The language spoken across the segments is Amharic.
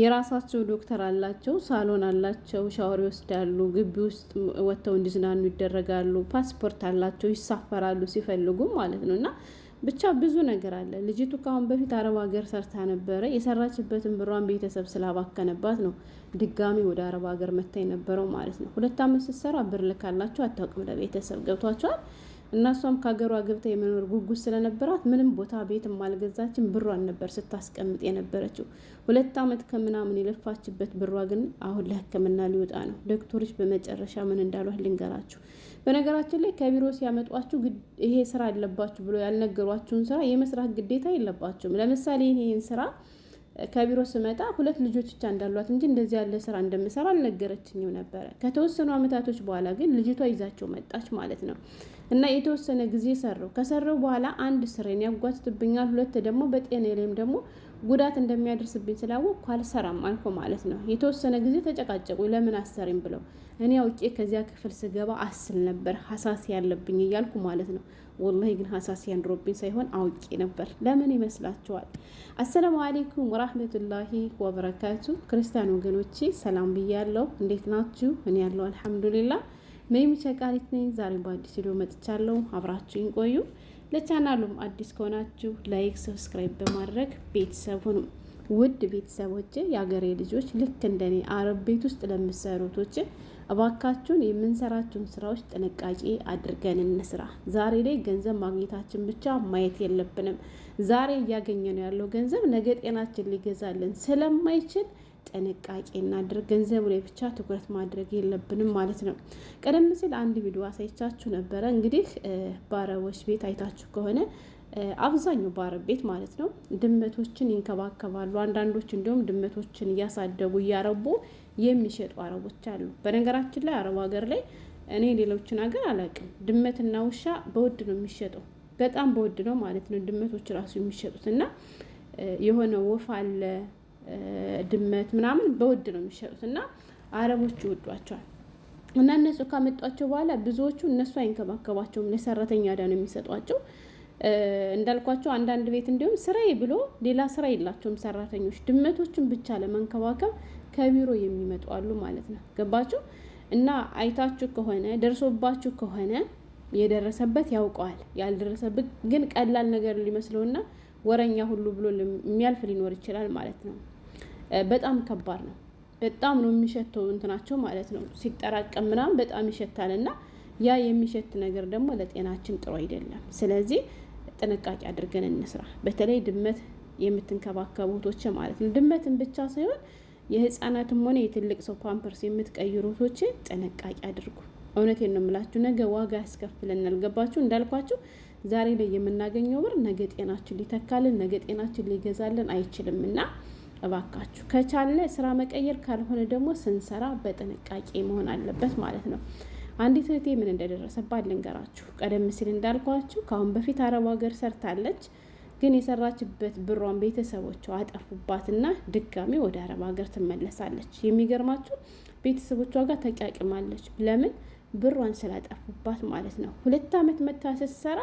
የራሳቸው ዶክተር አላቸው፣ ሳሎን አላቸው፣ ሻወር ይወስዳሉ፣ ግቢ ውስጥ ወጥተው እንዲዝናኑ ይደረጋሉ፣ ፓስፖርት አላቸው፣ ይሳፈራሉ ሲፈልጉም ማለት ነው እና ብቻ ብዙ ነገር አለ። ልጅቱ ከአሁን በፊት አረብ ሀገር ሰርታ ነበረ። የሰራችበትን ብሯን ቤተሰብ ስላባከነባት ነው ድጋሚ ወደ አረብ ሀገር መታ የነበረው ማለት ነው። ሁለት ዓመት ስትሰራ ብር ልካላቸው አታውቅም ለቤተሰብ ገብቷቸዋል። እናሷም ከሀገሯ ገብታ የመኖር ጉጉት ስለነበራት ምንም ቦታ ቤትም አልገዛችን። ብሯን ነበር ስታስቀምጥ የነበረችው። ሁለት ዓመት ከምናምን የለፋችበት ብሯ ግን አሁን ለሕክምና ሊወጣ ነው። ዶክተሮች በመጨረሻ ምን እንዳሏት ልንገራችሁ። በነገራችን ላይ ከቢሮ ሲያመጧችሁ ይሄ ስራ አለባችሁ ብሎ ያልነገሯችሁን ስራ የመስራት ግዴታ የለባችሁም። ለምሳሌ ይህን ስራ ከቢሮ ስመጣ ሁለት ልጆች ብቻ እንዳሏት እንጂ እንደዚህ ያለ ስራ እንደምሰራ አልነገረችኝም ነበረ። ከተወሰኑ አመታቶች በኋላ ግን ልጅቷ ይዛቸው መጣች ማለት ነው። እና የተወሰነ ጊዜ ሰራው። ከሰራው በኋላ አንድ ስሬን ያጓትትብኛል፣ ሁለት ደግሞ በጤና ላይም ደግሞ ጉዳት እንደሚያደርስብኝ ስላወቅኩ አልሰራም አልኩ ማለት ነው። የተወሰነ ጊዜ ተጨቃጨቁ ለምን አሰሪም ብለው እኔ አውቄ ከዚያ ክፍል ስገባ አስል ነበር ሀሳስ ያለብኝ እያልኩ ማለት ነው። ወላሂ ግን ሀሳስ ያንድሮብኝ ሳይሆን አውቄ ነበር። ለምን ይመስላችኋል? አሰላሙ አሌይኩም ወራህመቱላሂ ወበረካቱ። ክርስቲያን ወገኖቼ ሰላም ብያለሁ። እንዴት ናችሁ? እኔ ያለው አልሐምዱሊላ። መይም ቸቃሪት ነኝ። ዛሬ በአዲስ ቪዲዮ መጥቻለሁ። አብራችሁኝ ቆዩ። ለቻናሉም አዲስ ከሆናችሁ ላይክ፣ ሰብስክራይብ በማድረግ ቤተሰብ ሁኑ። ውድ ቤተሰቦች፣ የአገሬ ልጆች ልክ እንደኔ አረብ ቤት ውስጥ ለምሰሩቶች እባካችሁን የምንሰራችሁን ስራዎች ጥንቃቄ አድርገን እንስራ። ዛሬ ላይ ገንዘብ ማግኘታችን ብቻ ማየት የለብንም። ዛሬ እያገኘ ነው ያለው ገንዘብ ነገ ጤናችን ሊገዛልን ስለማይችል ጥንቃቄ እናድርግ። ገንዘቡ ላይ ብቻ ትኩረት ማድረግ የለብንም ማለት ነው። ቀደም ሲል አንድ ቪዲዮ አሳይቻችሁ ነበረ። እንግዲህ ባረቦች ቤት አይታችሁ ከሆነ አብዛኛው ባረ ቤት ማለት ነው ድመቶችን ይንከባከባሉ። አንዳንዶች እንዲሁም ድመቶችን እያሳደጉ እያረቡ የሚሸጡ አረቦች አሉ። በነገራችን ላይ አረብ ሀገር ላይ እኔ ሌሎችን ሀገር አላውቅም፣ ድመትና ውሻ በውድ ነው የሚሸጠው። በጣም በውድ ነው ማለት ነው ድመቶች ራሱ የሚሸጡት እና የሆነ ወፍ አለ ድመት ምናምን በውድ ነው የሚሸጡት እና አረቦቹ ይወዷቸዋል። እና እነሱ ካመጧቸው በኋላ ብዙዎቹ እነሱ አይንከባከባቸውም ለሰራተኛ ዳ ነው የሚሰጧቸው። እንዳልኳቸው አንዳንድ ቤት እንዲሁም ስራዬ ብሎ ሌላ ስራ የላቸውም ሰራተኞች። ድመቶችን ብቻ ለመንከባከብ ከቢሮ የሚመጡ አሉ ማለት ነው። ገባችሁ? እና አይታችሁ ከሆነ ደርሶባችሁ ከሆነ የደረሰበት ያውቀዋል። ያልደረሰበት ግን ቀላል ነገር ሊመስለውና ወረኛ ሁሉ ብሎ የሚያልፍ ሊኖር ይችላል ማለት ነው። በጣም ከባድ ነው። በጣም ነው የሚሸተው እንትናቸው ማለት ነው ሲጠራቀም ምናምን በጣም ይሸታል እና ያ የሚሸት ነገር ደግሞ ለጤናችን ጥሩ አይደለም። ስለዚህ ጥንቃቄ አድርገን እንስራ። በተለይ ድመት የምትንከባከቡ እህቶች ማለት ነው ድመትን ብቻ ሳይሆን የህፃናትም ሆነ የትልቅ ሰው ፓምፐርስ የምትቀይሩ እህቶች ጥንቃቄ አድርጉ። እውነቴን ነው የምላችሁ፣ ነገ ዋጋ ያስከፍለናል። ገባችሁ? እንዳልኳችሁ ዛሬ ላይ የምናገኘው ብር ነገ ጤናችን ሊተካልን፣ ነገ ጤናችን ሊገዛልን አይችልም እና እባካችሁ ከቻለ ስራ መቀየር፣ ካልሆነ ደግሞ ስንሰራ በጥንቃቄ መሆን አለበት ማለት ነው። አንዲት እህቴ ምን እንደደረሰባት ልንገራችሁ። ቀደም ሲል እንዳልኳችሁ ከአሁን በፊት አረብ ሀገር ሰርታለች። ግን የሰራችበት ብሯን ቤተሰቦቿ አጠፉባትና ድጋሚ ወደ አረብ ሀገር ትመለሳለች። የሚገርማችሁ ቤተሰቦቿ ጋር ተቂያቅማለች። ለምን ብሯን ስላጠፉባት ማለት ነው። ሁለት ዓመት መታ ስትሰራ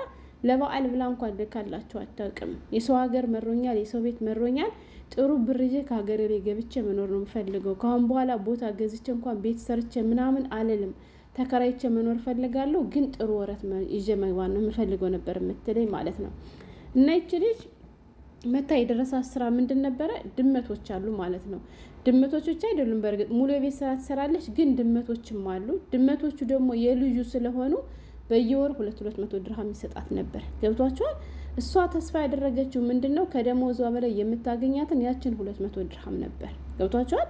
ለበዓል ብላ እንኳን ልካላችሁ አታውቅም። የሰው ሀገር መሮኛል፣ የሰው ቤት መሮኛል ጥሩ ብር ይዤ ከሀገሬ ገብቼ መኖር ነው የምፈልገው። ከአሁን በኋላ ቦታ ገዝቼ እንኳን ቤት ሰርቼ ምናምን አልልም። ተከራይቼ መኖር ፈልጋለሁ ግን ጥሩ ወረት ይዤ መግባት ነው የምፈልገው ነበር የምትለኝ ማለት ነው። እና ይቺ ልጅ መታ የደረሳት ስራ ምንድን ነበረ? ድመቶች አሉ ማለት ነው። ድመቶች ብቻ አይደሉም። በእርግጥ ሙሉ የቤት ስራ ትሰራለች፣ ግን ድመቶችም አሉ። ድመቶቹ ደግሞ የልዩ ስለሆኑ በየወር ሁለት ሁለት መቶ ድርሃም ይሰጣት ነበር። ገብቷቸዋል። እሷ ተስፋ ያደረገችው ምንድን ነው? ከደሞዟ በላይ የምታገኛትን ያችን ሁለት መቶ ድርሃም ነበር። ገብቷቸዋል።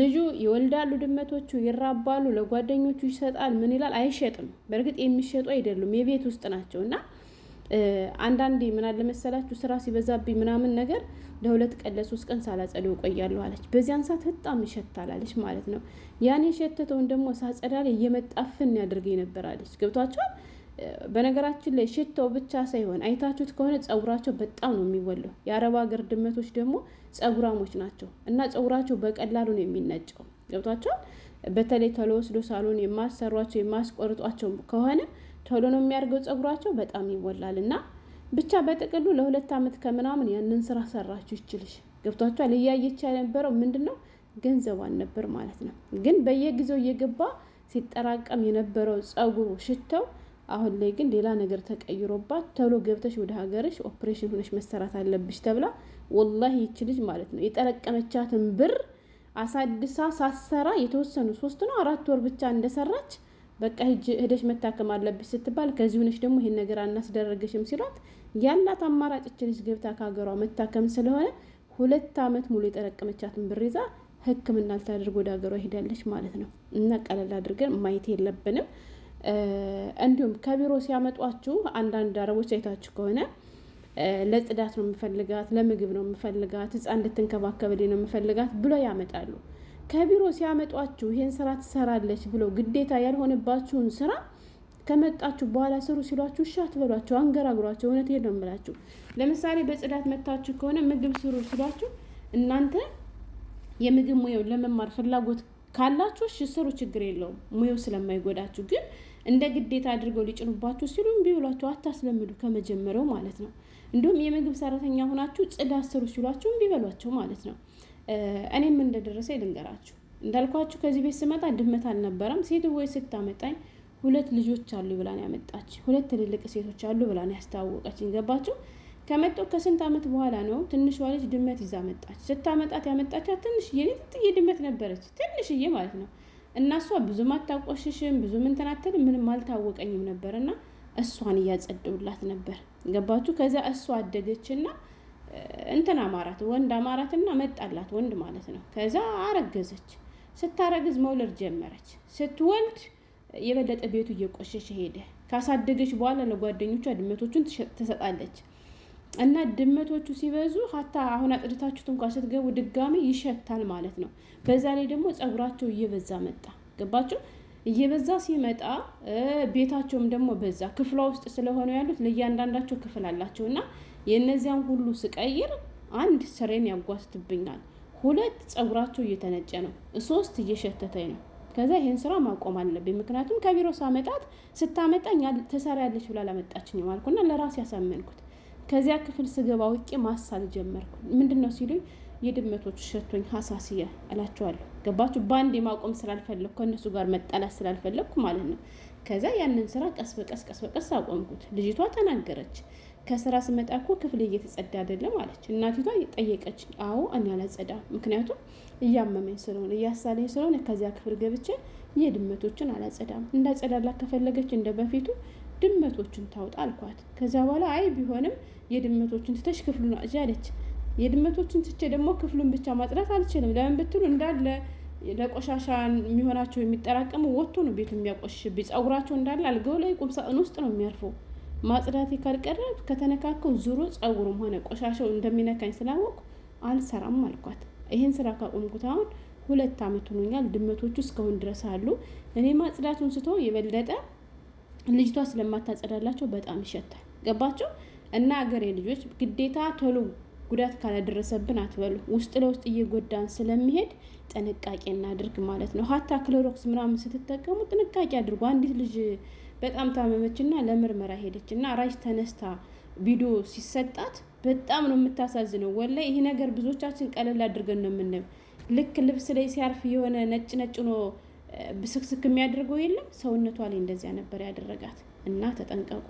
ልጁ ይወልዳሉ፣ ድመቶቹ ይራባሉ፣ ለጓደኞቹ ይሰጣል። ምን ይላል? አይሸጥም። በእርግጥ የሚሸጡ አይደሉም፣ የቤት ውስጥ ናቸው እና አንዳንዴ ምን አለ መሰላችሁ ስራ ሲበዛብኝ ምናምን ነገር ለሁለት ቀን ለሶስት ቀን ሳላጸደው እቆያለሁ አለች። በዚያን ሰዓት በጣም ይሸታላለች ማለት ነው። ያን የሸተተውን ደግሞ ሳጸዳ ላይ እየመጣፍን ያደርገኝ ነበር አለች። ገብቷቸዋል። በነገራችን ላይ ሽታው ብቻ ሳይሆን አይታችሁት ከሆነ ጸጉራቸው በጣም ነው የሚወለው። የአረብ ሀገር ድመቶች ደግሞ ጸጉራሞች ናቸው እና ጸጉራቸው በቀላሉ ነው የሚነጨው። ገብቷቸዋል። በተለይ ተለወስዶ ሳሎን የማሰሯቸው የማስቆርጧቸው ከሆነ ቶሎ ነው የሚያድገው ጸጉሯቸው በጣም ይወላል። እና ብቻ በጥቅሉ ለሁለት ዓመት ከምናምን ያንን ስራ ሰራችሁ ይችልሽ ገብቷቸዋል። እያየች የነበረው ምንድን ነው ገንዘቧን ነበር ማለት ነው። ግን በየጊዜው እየገባ ሲጠራቀም የነበረው ጸጉሩ ሽተው አሁን ላይ ግን ሌላ ነገር ተቀይሮባት ቶሎ ገብተሽ ወደ ሀገርሽ ኦፕሬሽን ሆነሽ መሰራት አለብሽ ተብላ ወላሂ ይች ልጅ ማለት ነው የጠረቀመቻትን ብር አሳድሳ ሳሰራ የተወሰኑ ሶስት ነው አራት ወር ብቻ እንደሰራች በቃ ሂጅ ሄደሽ መታከም አለብሽ ስትባል ከዚህ ሆነሽ ደግሞ ይሄን ነገር አናስደረገሽም ሲሏት ያላት አማራጭ እች ገብታ ከሀገሯ መታከም ስለሆነ ሁለት አመት ሙሉ የጠረቀመቻትን ብር ይዛ ሕክምና ልታደርግ ወደ ሀገሯ ሄዳለች ማለት ነው። እና ቀለል አድርገን ማየት የለብንም። እንዲሁም ከቢሮ ሲያመጧችሁ አንዳንድ አረቦች አይታችሁ ከሆነ ለጽዳት ነው የምፈልጋት፣ ለምግብ ነው የምፈልጋት፣ ሕፃን እንድትንከባከብልኝ ነው የምፈልጋት ብሎ ያመጣሉ። ከቢሮ ሲያመጧችሁ ይሄን ስራ ትሰራለች ብለው ግዴታ ያልሆነባችሁን ስራ ከመጣችሁ በኋላ ስሩ ሲሏችሁ እሺ አትበሏቸው፣ አንገራግሯቸው። እውነት ይሄ ነው የምላችሁ። ለምሳሌ በጽዳት መታችሁ ከሆነ ምግብ ስሩ ሲሏችሁ እናንተ የምግብ ሙያው ለመማር ፍላጎት ካላችሁ እሺ ስሩ፣ ችግር የለውም ሙያው ስለማይጎዳችሁ። ግን እንደ ግዴታ አድርገው ሊጭኑባችሁ ሲሉ እምቢ ብሏችሁ አታስለምዱ፣ ከመጀመሪያው ማለት ነው። እንዲሁም የምግብ ሰራተኛ ሆናችሁ ጽዳት ስሩ ሲሏችሁ እምቢ በሏቸው ማለት ነው። እኔም እንደደረሰ ልንገራችሁ። እንዳልኳችሁ ከዚህ ቤት ስመጣ ድመት አልነበረም። ሴት ወይ ስታመጣኝ ሁለት ልጆች አሉ ብላን ያመጣች። ሁለት ትልልቅ ሴቶች አሉ ብላን ነው ያስተዋወቀችኝ። ገባችሁ? ከመጡ ከስንት ዓመት በኋላ ነው ትንሿ ልጅ ድመት ይዛ መጣች። ስታመጣት ያመጣቻት ትንሽዬ ጥዬ ድመት ነበረች፣ ትንሽዬ ማለት ነው። እና እሷ ብዙም አታቆሽሽም፣ ብዙም እንትን አትልም፣ ምንም አልታወቀኝም ነበር እና እሷን እያጸደውላት ነበር። ገባችሁ? ከዚያ እሷ አደገችና እንትን አማራት ወንድ አማራትና መጣላት ወንድ ማለት ነው። ከዛ አረገዘች። ስታረግዝ መውለድ ጀመረች። ስትወልድ የበለጠ ቤቱ እየቆሸሸ ሄደ። ካሳደገች በኋላ ለጓደኞቿ ድመቶቹን ትሰጣለች እና ድመቶቹ ሲበዙ ሀታ አሁን አጥድታችሁት እንኳ ስትገቡ ድጋሚ ይሸታል ማለት ነው። በዛ ላይ ደግሞ ጸጉራቸው እየበዛ መጣ። ገባችሁ? እየበዛ ሲመጣ ቤታቸውም ደግሞ በዛ። ክፍሏ ውስጥ ስለሆነ ያሉት ለእያንዳንዳቸው ክፍል አላቸው እና የእነዚያን ሁሉ ስቀይር አንድ ስሬን ያጓስትብኛል፣ ሁለት ጸጉራቸው እየተነጨ ነው፣ ሶስት እየሸተተኝ ነው። ከዛ ይህን ስራ ማቆም አለብኝ። ምክንያቱም ከቢሮ ሳመጣት ስታመጣኝ ትሰሪያለች ያለች ብላ ላመጣችኝ ማልኩና ለራሴ ያሳመንኩት ከዚያ ክፍል ስገባ ውቄ ማሳል ጀመርኩ። ምንድን ነው ሲሉኝ የድመቶች ሸቶኝ ሀሳስያ እላቸዋለሁ። ገባችሁ? በአንድ የማቆም ስላልፈለግኩ ከእነሱ ጋር መጣላት ስላልፈለግኩ ማለት ነው። ከዚያ ያንን ስራ ቀስ በቀስ ቀስ በቀስ አቆምኩት። ልጅቷ ተናገረች። ከስራ ስመጣ እኮ ክፍል እየተጸዳ አይደለም አለች። እናቲቷ ጠየቀች። አዎ እኔ አላጸዳ ምክንያቱም እያመመኝ ስለሆነ እያሳለኝ ስለሆነ ከዚያ ክፍል ገብቼ የድመቶችን አላጸዳም። እንዳጸዳላት ከፈለገች እንደ በፊቱ ድመቶችን ታውጣ አልኳት። ከዚያ በኋላ አይ ቢሆንም የድመቶችን ትተሽ ክፍሉን አጽጂ አለች። የድመቶችን ትቼ ደግሞ ክፍሉን ብቻ ማጽዳት አልችልም። ለምን ብትሉ እንዳለ ለቆሻሻ የሚሆናቸው የሚጠራቀሙ ወጥቶ ነው ቤቱ የሚያቆሽሽብኝ። ጸጉራቸው እንዳለ አልገው ላይ ቁምሳጥን ውስጥ ነው የሚያርፈው። ማጽዳቴ ካልቀረ ከተነካከው ዙሮ ጸጉሩም ሆነ ቆሻሻው እንደሚነካኝ ስላወቁ አልሰራም አልኳት። ይህን ስራ ካቆምኩት አሁን ሁለት አመት ሆኖኛል። ድመቶቹ እስካሁን ድረስ አሉ። እኔ ማጽዳቱን ስቶ የበለጠ ልጅቷ ስለማታጸዳላቸው በጣም ይሸታል። ገባቸው እና አገሬ ልጆች ግዴታ ቶሎ ጉዳት ካላደረሰብን አትበሉ። ውስጥ ለውስጥ እየጎዳን ስለሚሄድ ጥንቃቄ እናድርግ ማለት ነው። ሀታ ክሎሮክስ ምናምን ስትጠቀሙ ጥንቃቄ አድርጉ። አንዲት ልጅ በጣም ታመመችና ለምርመራ ሄደች ና ራሽ ተነስታ ቪዲዮ ሲሰጣት በጣም ነው የምታሳዝነው። ወላይ ይሄ ነገር ብዙዎቻችን ቀለል አድርገን ነው የምንም ልክ ልብስ ላይ ሲያርፍ የሆነ ነጭ ነጭ ኖ ብስክስክ የሚያደርገው የለም። ሰውነቷ ላይ እንደዚያ ነበር ያደረጋት እና ተጠንቀቁ።